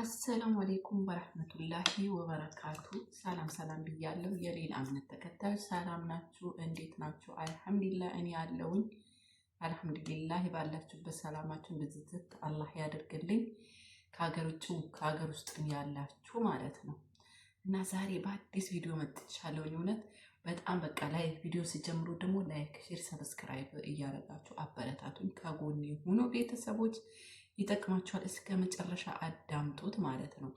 አሰላሙ አሌይኩም በረህመቱላሂ ወበረካቱ። ሰላም ሰላም ብያለሁ። የሌላ እምነት ተከታዮች ሰላም ናችሁ? እንዴት ናችሁ? አልሐምዱሊላ እኔ ያለውኝ አልሐምዱሊላህ። ባላችሁበት ሰላማችሁን ብዝዝት አላህ ያደርግልኝ። ከሀገር ውጭም ከሀገር ውስጥም ያላችሁ ማለት ነው እና ዛሬ በአዲስ ቪዲዮ መጥቻለሁኝ። እውነት በጣም በቃ ላይ ቪዲዮ ሲጀምሩ ደግሞ ላይክ፣ ሼር፣ ሰብስክራይብ እያደረጋችሁ አበረታቱኝ። ከጎን ሆኖ ቤተሰቦች ይጠቅማቸዋል እስከ መጨረሻ አዳምጡት ማለት ነው።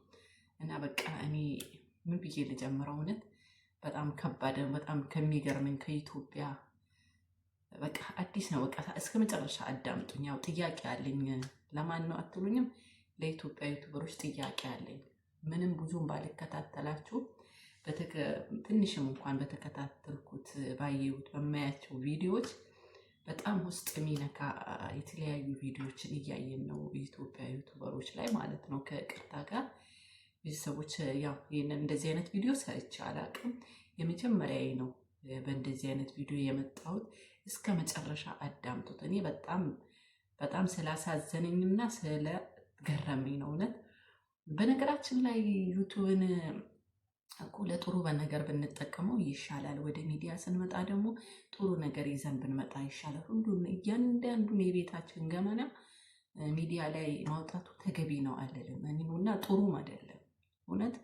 እና በቃ እኔ ምን ብዬ ልጀምረው? እውነት በጣም ከባድ ነው። በጣም ከሚገርመኝ ከኢትዮጵያ በቃ አዲስ ነው። በቃ እስከ መጨረሻ አዳምጡኝ። ያው ጥያቄ አለኝ። ለማን ነው አትሉኝም? ለኢትዮጵያ ዩቱበሮች ጥያቄ አለኝ። ምንም ብዙም ባልከታተላችሁ ትንሽም እንኳን በተከታተልኩት ባየሁት በማያቸው ቪዲዮዎች በጣም ውስጥ የሚነካ የተለያዩ ቪዲዮዎችን እያየን ነው፣ የኢትዮጵያ ዩቱበሮች ላይ ማለት ነው። ከቅርታ ጋር ቤተሰቦች፣ ያው ይህንን እንደዚህ አይነት ቪዲዮ ሰርቼ አላውቅም። የመጀመሪያዬ ነው በእንደዚህ አይነት ቪዲዮ የመጣሁት። እስከ መጨረሻ አዳምጡት። እኔ በጣም በጣም ስላሳዘነኝና ስለገረመኝ ነው እውነት። በነገራችን ላይ ዩቱብን እኮ ለጥሩ በነገር ብንጠቀመው ይሻላል። ወደ ሚዲያ ስንመጣ ደግሞ ጥሩ ነገር ይዘን ብንመጣ ይሻላል። ሁሉም እያንዳንዱን የቤታችን ገመና ሚዲያ ላይ ማውጣቱ ተገቢ ነው አልልም እና ጥሩም አይደለም እውነት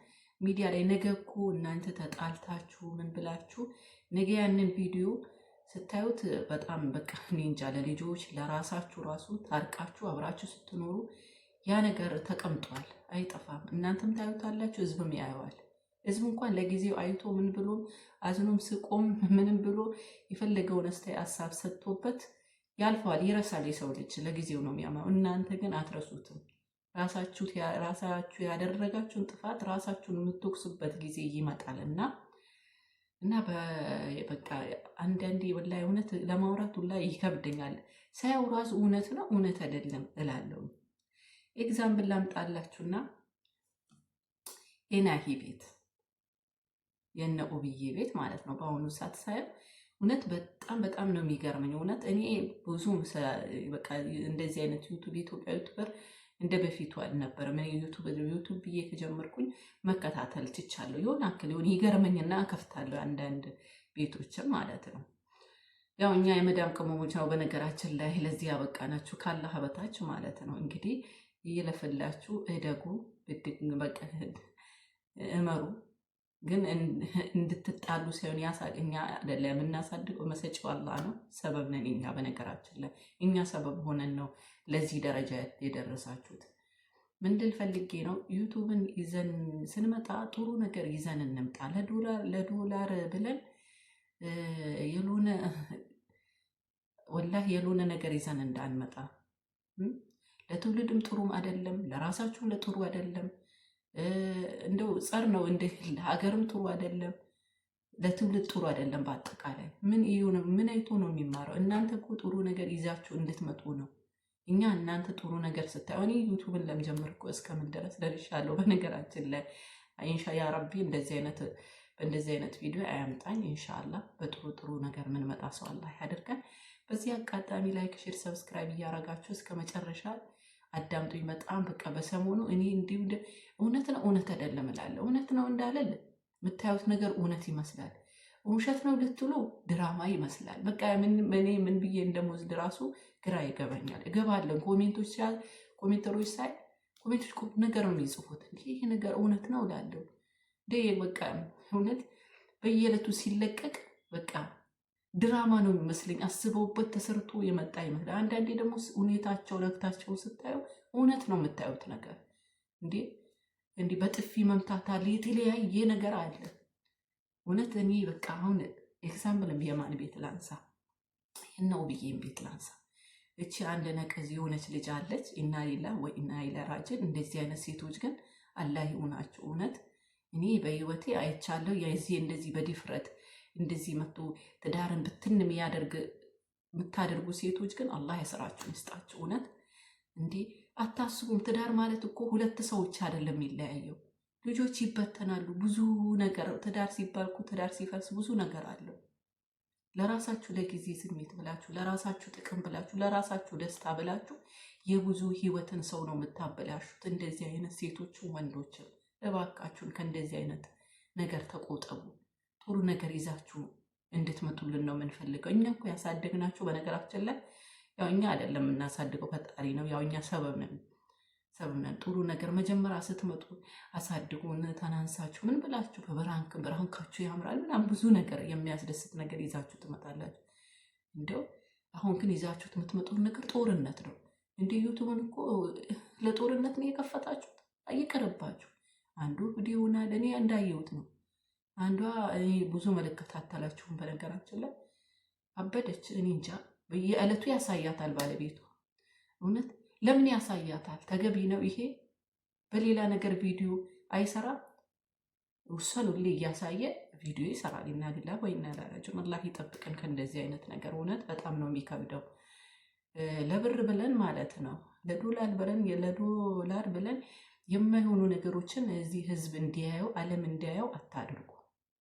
ሚዲያ ላይ ነገ እኮ እናንተ ተጣልታችሁ ምን ብላችሁ ነገ ያንን ቪዲዮ ስታዩት በጣም በቃ እኔ እንጃ ለልጆች ለራሳችሁ ራሱ ታርቃችሁ አብራችሁ ስትኖሩ ያ ነገር ተቀምጧል፣ አይጠፋም። እናንተም ታዩታላችሁ፣ ህዝብም ያየዋል። ህዝብ እንኳን ለጊዜው አይቶ ምን ብሎ አዝኖም ስቆም ምንም ብሎ የፈለገውን አስተያየት ሀሳብ ሰጥቶበት ያልፈዋል፣ ይረሳል። የሰው ልጅ ለጊዜው ነው የሚያምነው። እናንተ ግን አትረሱትም። ራሳችሁ ያደረጋችሁን ጥፋት ራሳችሁን የምትወቅሱበት ጊዜ ይመጣል እና እና በቃ አንዳንዴ ወላ እውነት ለማውራት ሁላ ይከብደኛል። ሳያው ራሱ እውነት ነው እውነት አይደለም እላለሁ። ኤግዛምብል ላምጣላችሁና ኤናሂ ቤት የነ ኦብዬ ቤት ማለት ነው። በአሁኑ ሰዓት ሳየው እውነት በጣም በጣም ነው የሚገርመኝ። እውነት እኔ ብዙ እንደዚህ አይነት ዩቱብ የኢትዮጵያ ዩቱበር እንደ በፊቱ አልነበረም። እኔ ዩቱብ ዩቱብ ብዬ ከጀመርኩኝ መከታተል ትቻለሁ። የሆነ አክል ሆን ይገርመኝና ከፍታለሁ አንዳንድ ቤቶችም ማለት ነው። ያው እኛ የመዳም ቅመሞች ነው በነገራችን ላይ ለዚህ ናችሁ ካለ ሀበታች ማለት ነው። እንግዲህ እየለፈላችሁ እደጉ እመሩ። ግን እንድትጣሉ ሳይሆን እኛ አደለ የምናሳድገው፣ መሰጪው አላህ ነው። ሰበብ ነን እኛ። በነገራችን ላይ እኛ ሰበብ ሆነን ነው ለዚህ ደረጃ የደረሳችሁት። ምንድን ፈልጌ ነው? ዩቱብን ይዘን ስንመጣ ጥሩ ነገር ይዘን እንምጣ። ለዶላር ብለን የልሆነ ወላህ የሎነ ነገር ይዘን እንዳንመጣ። ለትውልድም ጥሩም አይደለም፣ ለራሳችሁም ለጥሩ አይደለም። እንደው ጸር ነው እንደ ሀገርም ጥሩ አይደለም፣ ለትውልድ ጥሩ አይደለም። በአጠቃላይ ምን ምን አይቶ ነው የሚማረው? እናንተ እኮ ጥሩ ነገር ይዛችሁ እንድትመጡ ነው። እኛ እናንተ ጥሩ ነገር ስታይሆን ዩቱብን ለምጀምር እኮ እስከምን ድረስ ደርሻለሁ። በነገራችን ላይ ኢንሻ ያ ረቢ እንደዚህ አይነት በእንደዚህ አይነት ቪዲዮ አያምጣኝ። እንሻላ በጥሩ ጥሩ ነገር ምን መጣ ሰው አላህ በዚህ አጋጣሚ ላይክ፣ ሼር፣ ሰብስክራይብ እያረጋችሁ እስከ መጨረሻ አዳምጡኝ። በጣም በቃ በሰሞኑ እኔ እንዲሁ እውነት ነው እውነት አይደለም እላለሁ። እውነት ነው እንዳለል የምታዩት ነገር እውነት ይመስላል፣ ውሸት ነው ልትሉ ድራማ ይመስላል። በቃ እኔ ምን ብዬ እንደምወስድ ራሱ ግራ ይገበኛል። እገባለን ኮሜንቶች ሳይ ኮሜንተሮች ሳይ ኮሜንቶች ነገር ነው የሚጽፉት። ይሄ ነገር እውነት ነው እላለሁ። በቃ እውነት በየዕለቱ ሲለቀቅ በቃ ድራማ ነው የሚመስለኝ። አስበውበት ተሰርቶ የመጣ ይመስል። አንዳንዴ ደግሞ ሁኔታቸው ለግታቸው ስታየው እውነት ነው የምታዩት ነገር እንዴ እንዲህ በጥፊ መምታት አለ፣ የተለያየ ነገር አለ። እውነት እኔ በቃ አሁን ኤግዛምፕል የማን ቤት ላንሳ ነው ብዬም ቤት ላንሳ። እቺ አንድ ነቀዝ የሆነች ልጅ አለች። ኢና ሌላ ወይ ኢና ሌላ ራጅን። እንደዚህ አይነት ሴቶች ግን አላህ ይሆናቸው። እውነት እኔ በህይወቴ አይቻለሁ የዚህ እንደዚህ በድፍረት እንደዚህ መቶ ትዳርን ብትን የሚያደርግ የምታደርጉ ሴቶች ግን አላህ የስራችሁን ይስጣችሁ። እውነት እንዴ አታስቡም? ትዳር ማለት እኮ ሁለት ሰዎች አይደለም የሚለያየው። ልጆች ይበተናሉ። ብዙ ነገር ትዳር ሲባል እኮ ትዳር ሲፈርስ ብዙ ነገር አለው። ለራሳችሁ ለጊዜ ስሜት ብላችሁ፣ ለራሳችሁ ጥቅም ብላችሁ፣ ለራሳችሁ ደስታ ብላችሁ የብዙ ህይወትን ሰው ነው የምታበላሹት። እንደዚህ አይነት ሴቶችን፣ ወንዶችን እባካችሁን ከእንደዚህ አይነት ነገር ተቆጠቡ። ጥሩ ነገር ይዛችሁ እንድትመጡልን ነው የምንፈልገው። እኛ እኮ ያሳደግናችሁ በነገራችን ላይ ያው እኛ አይደለም እናሳድገው ፈጣሪ ነው። ያው እኛ ሰበብ ነን፣ ሰበብ ነን። ጥሩ ነገር መጀመሪያ ስትመጡ አሳድጉን፣ ተናንሳችሁ ምን ብላችሁ በበራንክ በራንካችሁ ያምራል ምናምን ብዙ ነገር የሚያስደስት ነገር ይዛችሁ ትመጣላችሁ። እንደው አሁን ግን ይዛችሁ የምትመጡት ነገር ጦርነት ነው። እንደ ዩቱብን እኮ ለጦርነት ነው የከፈታችሁ። አይቀርባችሁ አንዱ ቪዲዮና ለእኔ እንዳየሁት ነው አንዷ እኔ ብዙ መልከታተላችሁም በነገራችን ላይ አበደች። እኔ እንጃ በየዕለቱ ያሳያታል ባለቤቱ። እውነት ለምን ያሳያታል? ተገቢ ነው ይሄ? በሌላ ነገር ቪዲዮ አይሰራ ውሰን ሁሌ እያሳየ ቪዲዮ ይሰራል። ይናግላ ወይ እናላላቸው አላህ ይጠብቅን ከእንደዚህ አይነት ነገር። እውነት በጣም ነው የሚከብደው። ለብር ብለን ማለት ነው ለዶላር ብለን ለዶላር ብለን የማይሆኑ ነገሮችን እዚህ ህዝብ እንዲያየው አለም እንዲያየው አታድርጉ።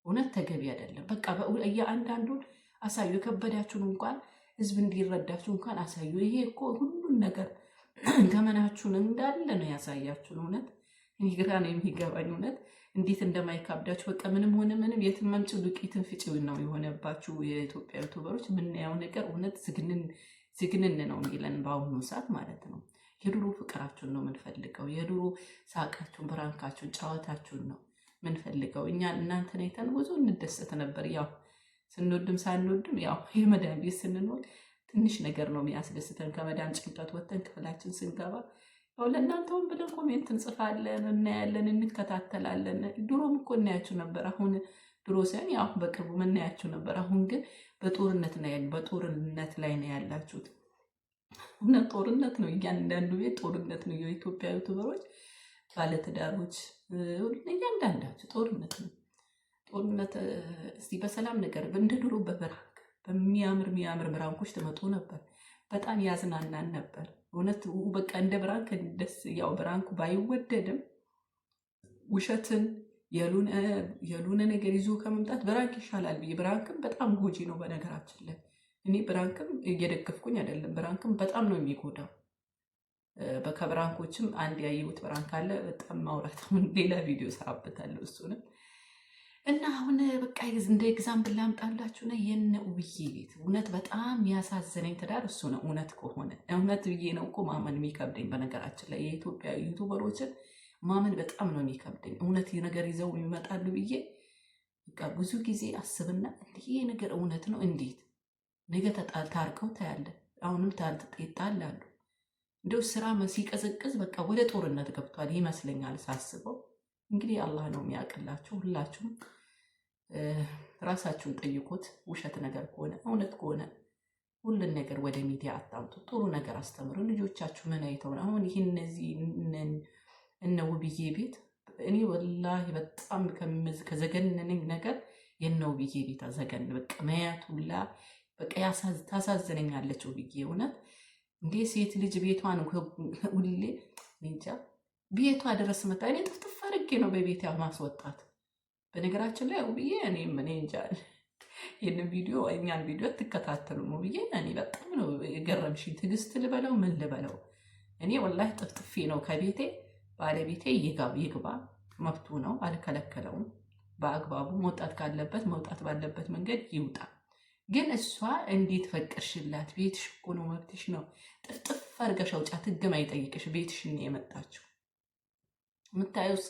እውነት ተገቢ አይደለም። በቃ እያንዳንዱን አሳዩ። የከበዳችሁን እንኳን ህዝብ እንዲረዳችሁ እንኳን አሳዩ። ይሄ እኮ ሁሉን ነገር ገመናችሁን እንዳለ ነው ያሳያችሁን። እውነት እኔ ግራ ነው የሚገባኝ እውነት እንዴት እንደማይካብዳችሁ በቃ ምንም ሆነ ምንም የትን መምጭ ዱቄትን ፍጪው ነው የሆነባችሁ የኢትዮጵያ ዩቱበሮች። የምናየው ነገር እውነት ዝግንን ነው የሚለን በአሁኑ ሰዓት ማለት ነው። የድሮ ፍቅራችሁን ነው የምንፈልገው። የድሮ ሳቃችሁን፣ ብራንካችሁን፣ ጨዋታችሁን ነው ምንፈልገው እኛ እናንተን አይተን ብዙ እንደሰት ነበር። ያው ስንወድም ሳንወድም ያው የመዳን ቤት ስንኖር ትንሽ ነገር ነው የሚያስደስተን። ከመዳን ጭንቀት ወጥተን ክፍላችን ስንገባ ያው ለእናንተውን ብለን ኮሜንት እንጽፋለን፣ እናያለን፣ እንከታተላለን። ድሮም እኮ እናያችሁ ነበር። አሁን ድሮ ሳይሆን ያው በቅርቡ እናያችሁ ነበር። አሁን ግን በጦርነት በጦርነት ላይ ነው ያላችሁት። እውነት ጦርነት ነው። እያንዳንዱ ቤት ጦርነት ነው። የኢትዮጵያ ዩቱበሮች ባለትዳሮች፣ እያንዳንዳቸው ጦርነት ነው። ጦርነት እስቲ በሰላም ነገር እንደ ድሮ በበራክ በሚያምር ሚያምር ብራንኮች ትመጡ ነበር። በጣም ያዝናናን ነበር። እውነት በቃ እንደ ብራንክ ደስ ያው ብራንኩ ባይወደድም ውሸትን የሉነ ነገር ይዞ ከመምጣት ብራንክ ይሻላል ብዬ ብራንክም በጣም ጎጂ ነው። በነገራችን ላይ እኔ ብራንክም እየደገፍኩኝ አይደለም። ብራንክም በጣም ነው የሚጎዳው። በከብራንኮችም አንድ ያየሁት ብራንክ አለ። በጣም ማውራት አሁን ሌላ ቪዲዮ ሰራበታለሁ እሱንም እና አሁን በቃ እንደ ኤግዛምፕል ላምጣላችሁ ነ የነ ውዬ ቤት። እውነት በጣም ያሳዘነኝ ትዳር እሱ ነው። እውነት ከሆነ እውነት ብዬ ነው እኮ ማመን የሚከብደኝ። በነገራችን ላይ የኢትዮጵያ ዩቱበሮችን ማመን በጣም ነው የሚከብደኝ። እውነት ነገር ይዘው ይመጣሉ ብዬ በቃ ብዙ ጊዜ አስብና ይሄ ነገር እውነት ነው እንዴት ነገ ታርቀው ታያለ። አሁንም ይጣላሉ እንደው ስራ ሲቀዘቅዝ በቃ ወደ ጦርነት ገብቷል ይመስለኛል ሳስበው። እንግዲህ አላህ ነው የሚያውቅላችሁ። ሁላችሁም ራሳችሁን ጠይቁት። ውሸት ነገር ከሆነ እውነት ከሆነ ሁሉን ነገር ወደ ሚዲያ አታምጡ። ጥሩ ነገር አስተምሩ። ልጆቻችሁ ምን አይተውን አሁን ይህ እነዚህ እነ ውብዬ ቤት እኔ ወላሂ በጣም ከዘገነነኝ ነገር የነ ውብዬ ቤት አዘገን በቃ መያቱላ በቃ ታሳዝነኛለች ውብዬ እውነት እንዴ ሴት ልጅ ቤቷን ነው ሁሌ እንጃ ቤቷ ድረስ መጣ። እኔ ጥፍጥፍ አድርጌ ነው በቤት ማስወጣት። በነገራችን ላይ ውብዬ እኔ ምን እንጃ ይህንን ቪዲዮ እኛን ቪዲዮ ትከታተሉ ውብዬ፣ እኔ በጣም ነው የገረምሽኝ። ትዕግስት ልበለው ምን ልበለው እኔ ወላሂ ጥፍጥፌ ነው ከቤቴ። ባለቤቴ ይግባ መብቱ ነው፣ አልከለከለውም። በአግባቡ መውጣት ካለበት መውጣት ባለበት መንገድ ይውጣ። ግን እሷ እንዴት ፈቀድሽላት? ቤትሽ እኮ ነው፣ መብትሽ ነው። ጥፍጥፍ አድርገሽ አውጫት። ህግም አይጠይቅሽ። ቤትሽ ነው የመጣችው። ምታየውስ፣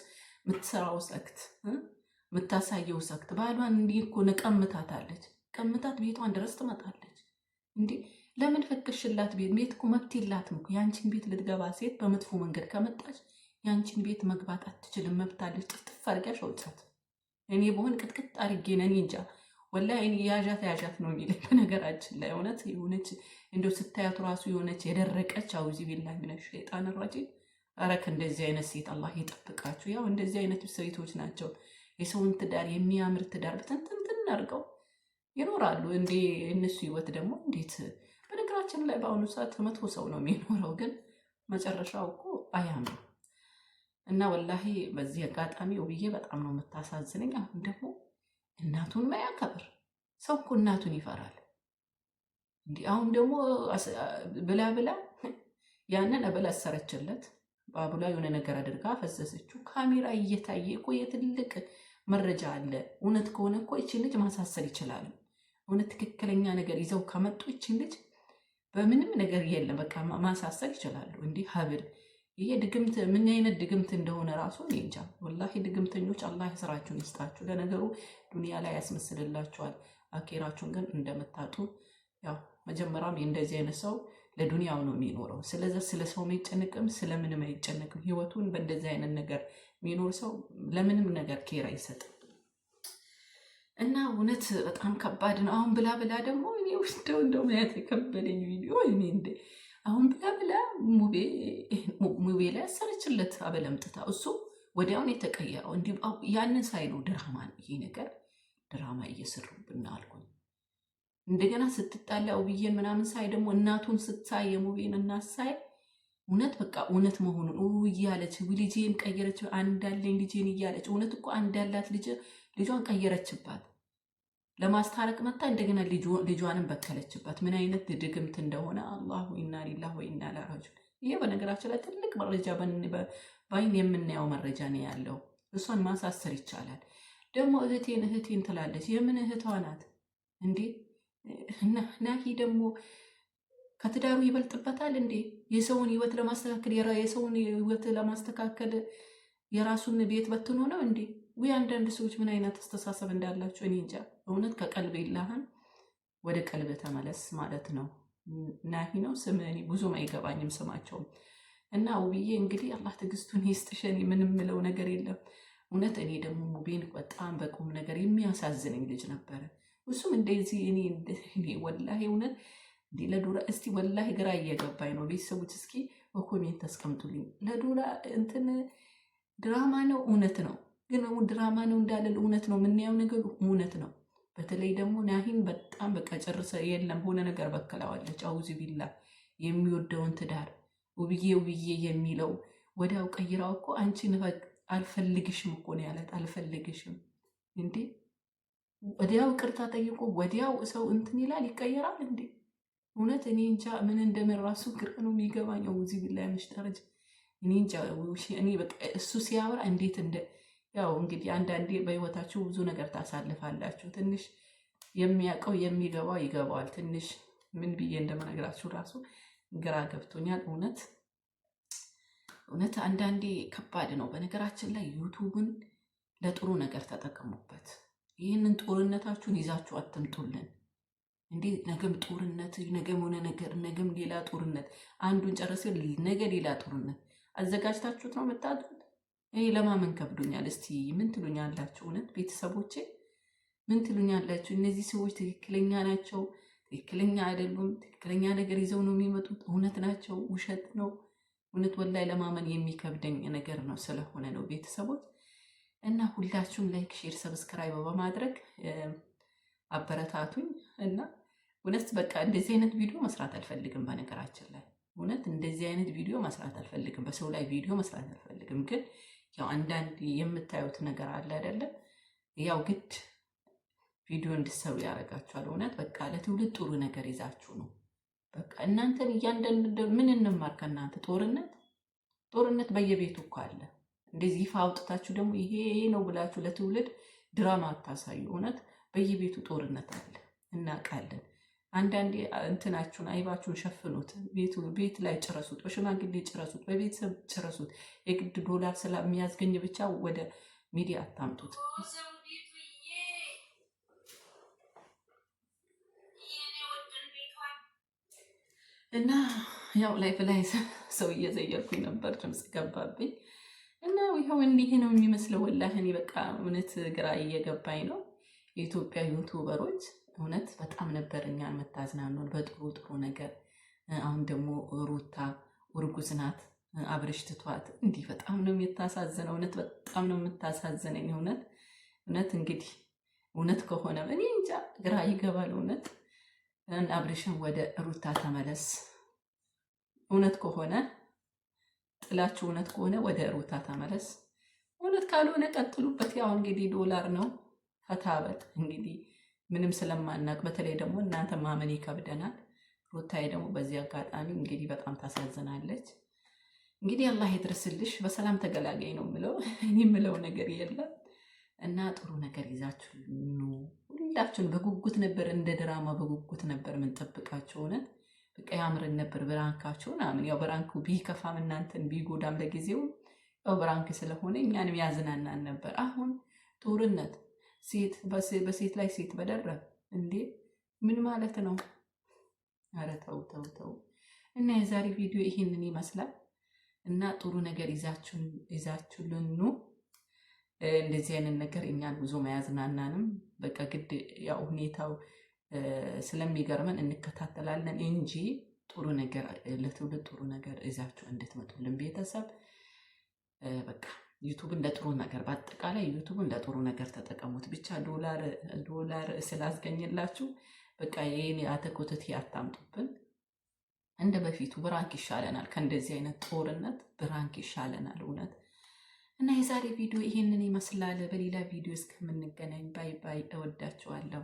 ምትሰራው ሰክት፣ ምታሳየው ሰክት። ባሏን እንዲህ እኮ ነቀምታታለች። ቀምታት ቤቷን ድረስ ትመጣለች። እንዲ ለምን ፈቅድሽላት? ቤት ቤት እኮ መብት የላትም እኮ። ያንቺን ቤት ልትገባ ሴት በመጥፎ መንገድ ከመጣች ያንቺን ቤት መግባት አትችልም። መብታለች። ጥፍጥፍ አድርገሽ አውጫት። እኔ በሆን ቅጥቅጥ አድርጌ ነን እንጃ ወላ ይሄን ያዣት ያዣት ነው የሚል በነገራችን ላይ እውነት የሆነች እንደው ስታያት ራሱ የሆነች የደረቀች አውዚ ቢላ ሚነ ሸይጣን ራጂ ረክ እንደዚህ አይነት ሴት አላህ ይጠብቃችሁ። ያው እንደዚህ አይነት ሴቶች ናቸው የሰውን ትዳር የሚያምር ትዳር ብትንትንትን አድርገው ይኖራሉ። እንዴ እነሱ ህይወት ደግሞ እንዴት! በነገራችን ላይ በአሁኑ ሰዓት መቶ ሰው ነው የሚኖረው፣ ግን መጨረሻው እኮ አያምርም። እና ወላሂ በዚህ አጋጣሚ ውብዬ በጣም ነው የምታሳዝነኝ። አሁን ደግሞ እናቱን ማያከብር ሰው እኮ እናቱን ይፈራል። እንዲህ አሁን ደግሞ ብላ ብላ ያንን እበል አሰረችለት። ባቡላ የሆነ ነገር አድርጋ ፈሰሰችው። ካሜራ እየታየ እኮ የትልቅ መረጃ አለ። እውነት ከሆነ እኮ ይቺ ልጅ ማሳሰል ይችላሉ። እውነት ትክክለኛ ነገር ይዘው ከመጡ ይችን ልጅ በምንም ነገር የለም በቃ ማሳሰል ይችላሉ። እንዲህ ሀብል ይሄ ድግምት ምን አይነት ድግምት እንደሆነ ራሱ እንጃ። ወላሂ ድግምተኞች አላህ ስራችሁን ይስጣችሁ። ለነገሩ ዱንያ ላይ ያስመስልላችኋል፣ አኬራችሁን ግን እንደምታጡ ያው መጀመሪያም እንደዚህ አይነት ሰው ለዱንያው ነው የሚኖረው። ስለዚህ ስለ ሰው አይጨንቅም፣ ስለምንም አይጨነቅም ህይወቱን በእንደዚህ አይነት ነገር የሚኖር ሰው ለምንም ነገር ኬር አይሰጥም። እና እውነት በጣም ከባድ ነው። አሁን ብላ ብላ ደግሞ እኔ ውስደው እንደው ማየት የከበደኝ ቪዲዮ እኔ እንዴ አሁን ብላ ብላ ሙቤ ላይ ያሰረችለት አበለምጥታ እሱ ወዲያውን የተቀየረው እንዲሁ ያንን ሳይሉ ድራማ ነው። ይሄ ነገር ድራማ እየሰሩብን አልኩኝ። እንደገና ስትጣላው ውብዬን ምናምን ሳይ ደግሞ እናቱን ስታይ የሙቤን እናት ሳይ እውነት በቃ እውነት መሆኑን እያለች ልጄን ቀየረች፣ አንዳለኝ ልጄን እያለች እውነት እኮ አንዳላት ልጅ ልጇን ቀየረችባት። ለማስታረቅ መታ እንደገና ልጇንም በከለችበት። ምን አይነት ድግምት እንደሆነ አላ ወይና ሊላ ወይና ላራጅ። ይሄ በነገራችን ላይ ትልቅ መረጃ በአይን የምናየው መረጃ ነው ያለው። እሷን ማሳሰር ይቻላል። ደግሞ እህቴን እህቴን ትላለች። የምን እህቷ ናት እንዴ? ናሂ ደግሞ ከትዳሩ ይበልጥበታል እንዴ? የሰውን ህይወት ለማስተካከል የሰውን ህይወት ለማስተካከል የራሱን ቤት በትኖ ነው እንዴ? ወይ አንዳንድ ሰዎች ምን አይነት አስተሳሰብ እንዳላቸው እኔ እንጃ። እውነት ከቀልብ የለህም ወደ ቀልብ ተመለስ ማለት ነው። ናሂ ነው ስም እኔ ብዙም አይገባኝም ስማቸውም እና ውብዬ እንግዲህ አላህ ትዕግስቱን ይስጥሽ። የምንምለው ነገር የለም እውነት። እኔ ደግሞ ሙቤን በጣም በቁም ነገር የሚያሳዝነኝ ልጅ ነበረ። እሱም እንደዚህ እኔ ወላሂ እውነት እንዲህ ለዱላ እስቲ ወላሂ ግራ እየገባኝ ነው። ቤተሰቦች እስኪ በኮሜንት ተስቀምጡልኝ። ለዱላ እንትን ድራማ ነው እውነት ነው ግን ድራማ ነው እንዳለል እውነት ነው የምናየው ነገር እውነት ነው። በተለይ ደግሞ ናሂም በጣም በቃ ጨርሰ የለም ሆነ ነገር በከላዋለች። አውዚ ቢላ የሚወደውን ትዳር ውብዬ ውብዬ የሚለው ወዲያው ቀይራው እኮ አንቺ ንፈቅ አልፈልግሽም እኮ ነው ያለት። አልፈልግሽም እንዴ! ወዲያው ቅርታ ጠይቆ ወዲያው ሰው እንትን ይላል ይቀየራል እንዴ! እውነት እኔ እንጃ ምን እንደመራሱ ግራ ነው የሚገባኝ። አውዚ ቢላ የምሽ ደረጃ እኔ እንጃ እኔ በቃ እሱ ሲያወራ እንዴት እንደ ያው እንግዲህ አንዳንዴ በህይወታችሁ ብዙ ነገር ታሳልፋላችሁ። ትንሽ የሚያውቀው የሚገባው ይገባዋል። ትንሽ ምን ብዬ እንደምነግራችሁ ራሱ ግራ ገብቶኛል። እውነት እውነት አንዳንዴ ከባድ ነው። በነገራችን ላይ ዩቱብን ለጥሩ ነገር ተጠቀሙበት። ይህንን ጦርነታችሁን ይዛችሁ አትምጡልን። እንዴ ነገም ጦርነት፣ ነገም የሆነ ነገር፣ ነገም ሌላ ጦርነት፣ አንዱን ጨረስ ነገ ሌላ ጦርነት አዘጋጅታችሁት ነው የምታጡ ይህ ለማመን ከብዶኛል። እስቲ ምን ትሉኛላችሁ? እውነት ቤተሰቦቼ ምን ትሉኛላችሁ? እነዚህ ሰዎች ትክክለኛ ናቸው፣ ትክክለኛ አይደሉም፣ ትክክለኛ ነገር ይዘው ነው የሚመጡት፣ እውነት ናቸው፣ ውሸት ነው። እውነት ወላይ ለማመን የሚከብደኝ ነገር ነው ስለሆነ ነው ቤተሰቦች እና ሁላችሁም ላይክ፣ ሼር፣ ሰብስክራይብ በማድረግ አበረታቱኝ እና እውነት በቃ እንደዚህ አይነት ቪዲዮ መስራት አልፈልግም። በነገራችን ላይ እውነት እንደዚህ አይነት ቪዲዮ መስራት አልፈልግም። በሰው ላይ ቪዲዮ መስራት አልፈልግም ግን ያው አንዳንድ የምታዩት ነገር አለ አይደለም። ያው ግድ ቪዲዮ እንድሰሩ ያደርጋችኋል። እውነት በቃ ለትውልድ ጥሩ ነገር ይዛችሁ ነው። በቃ እናንተን እያንዳንድ ምን እንማር ከእናንተ ጦርነት ጦርነት በየቤቱ እኮ አለ። እንደዚህ ይፋ አውጥታችሁ ደግሞ ይሄ ይሄ ነው ብላችሁ ለትውልድ ድራማ አታሳዩ። እውነት በየቤቱ ጦርነት አለ፣ እናውቃለን። አንዳንዴ እንትናችሁን አይባችሁን ሸፍኑት። ቤቱ ቤት ላይ ጭረሱት፣ በሽማግሌ ጭረሱት፣ በቤተሰብ ጭረሱት። የግድ ዶላር ስለሚያስገኝ ብቻ ወደ ሚዲያ አታምጡት። እና ያው ላይፍ ላይ ሰው እየዘየርኩኝ ነበር፣ ድምፅ ገባብኝ እና ይኸው እንዲህ ነው የሚመስለው። ወላህኔ እኔ በቃ እውነት ግራ እየገባኝ ነው የኢትዮጵያ ዩቱበሮች እውነት በጣም ነበር እኛን መታዝናኑን በጥሩ ጥሩ ነገር። አሁን ደግሞ ሩታ እርጉዝ ናት፣ አብረሽ ትቷት እንዲህ በጣም ነው የምታሳዝነው። እውነት በጣም ነው የምታሳዝነኝ። እውነት እውነት እንግዲህ እውነት ከሆነ እኔ እንጃ ግራ ይገባል። እውነት አብረሽን ወደ ሩታ ተመለስ። እውነት ከሆነ ጥላችሁ፣ እውነት ከሆነ ወደ ሩታ ተመለስ። እውነት ካልሆነ ቀጥሉበት። ያው እንግዲህ ዶላር ነው ፈታበት እንግዲህ ምንም ስለማናቅ በተለይ ደግሞ እናንተ ማመን ይከብደናል። ሩታዬ ደግሞ በዚህ አጋጣሚ እንግዲህ በጣም ታሳዝናለች። እንግዲህ አላህ ይድረስልሽ፣ በሰላም ተገላገኝ ነው ምለው እኔ የምለው ነገር የለም እና ጥሩ ነገር ይዛችሁ ኑ። ሁላችሁን በጉጉት ነበር፣ እንደ ድራማ በጉጉት ነበር የምንጠብቃችሁ። እውነት በቃ ያምርን ነበር ብራንካችሁ ምናምን። ያው ብራንኩ ቢከፋም እናንተን ቢጎዳም ለጊዜው ያው ብራንክ ስለሆነ እኛንም ያዝናናን ነበር። አሁን ጦርነት ሴት በሴት ላይ ሴት በደረ እንዴ ምን ማለት ነው? አረ ተው ተው ተው። እና የዛሬ ቪዲዮ ይሄንን ይመስላል እና ጥሩ ነገር ይዛችሁልን እንደዚህ አይነት ነገር እኛን ጉዞ መያዝናናንም በቃ ግድ ያው ሁኔታው ስለሚገርመን እንከታተላለን እንጂ ጥሩ ነገር ለትውልድ ጥሩ ነገር ይዛችሁ እንድትመጡልን ቤተሰብ በቃ ዩቱብ እንደ ጥሩ ነገር በአጠቃላይ ዩቱብ እንደ ጥሩ ነገር ተጠቀሙት። ብቻ ዶላር ስላስገኝላችሁ በቃ ይህን አተኮተት አታምጡብን። እንደ በፊቱ ብራንክ ይሻለናል፣ ከእንደዚህ አይነት ጦርነት ብራንክ ይሻለናል እውነት። እና የዛሬ ቪዲዮ ይህንን ይመስላል። በሌላ ቪዲዮ እስከምንገናኝ ባይ ባይ። እወዳችኋለሁ።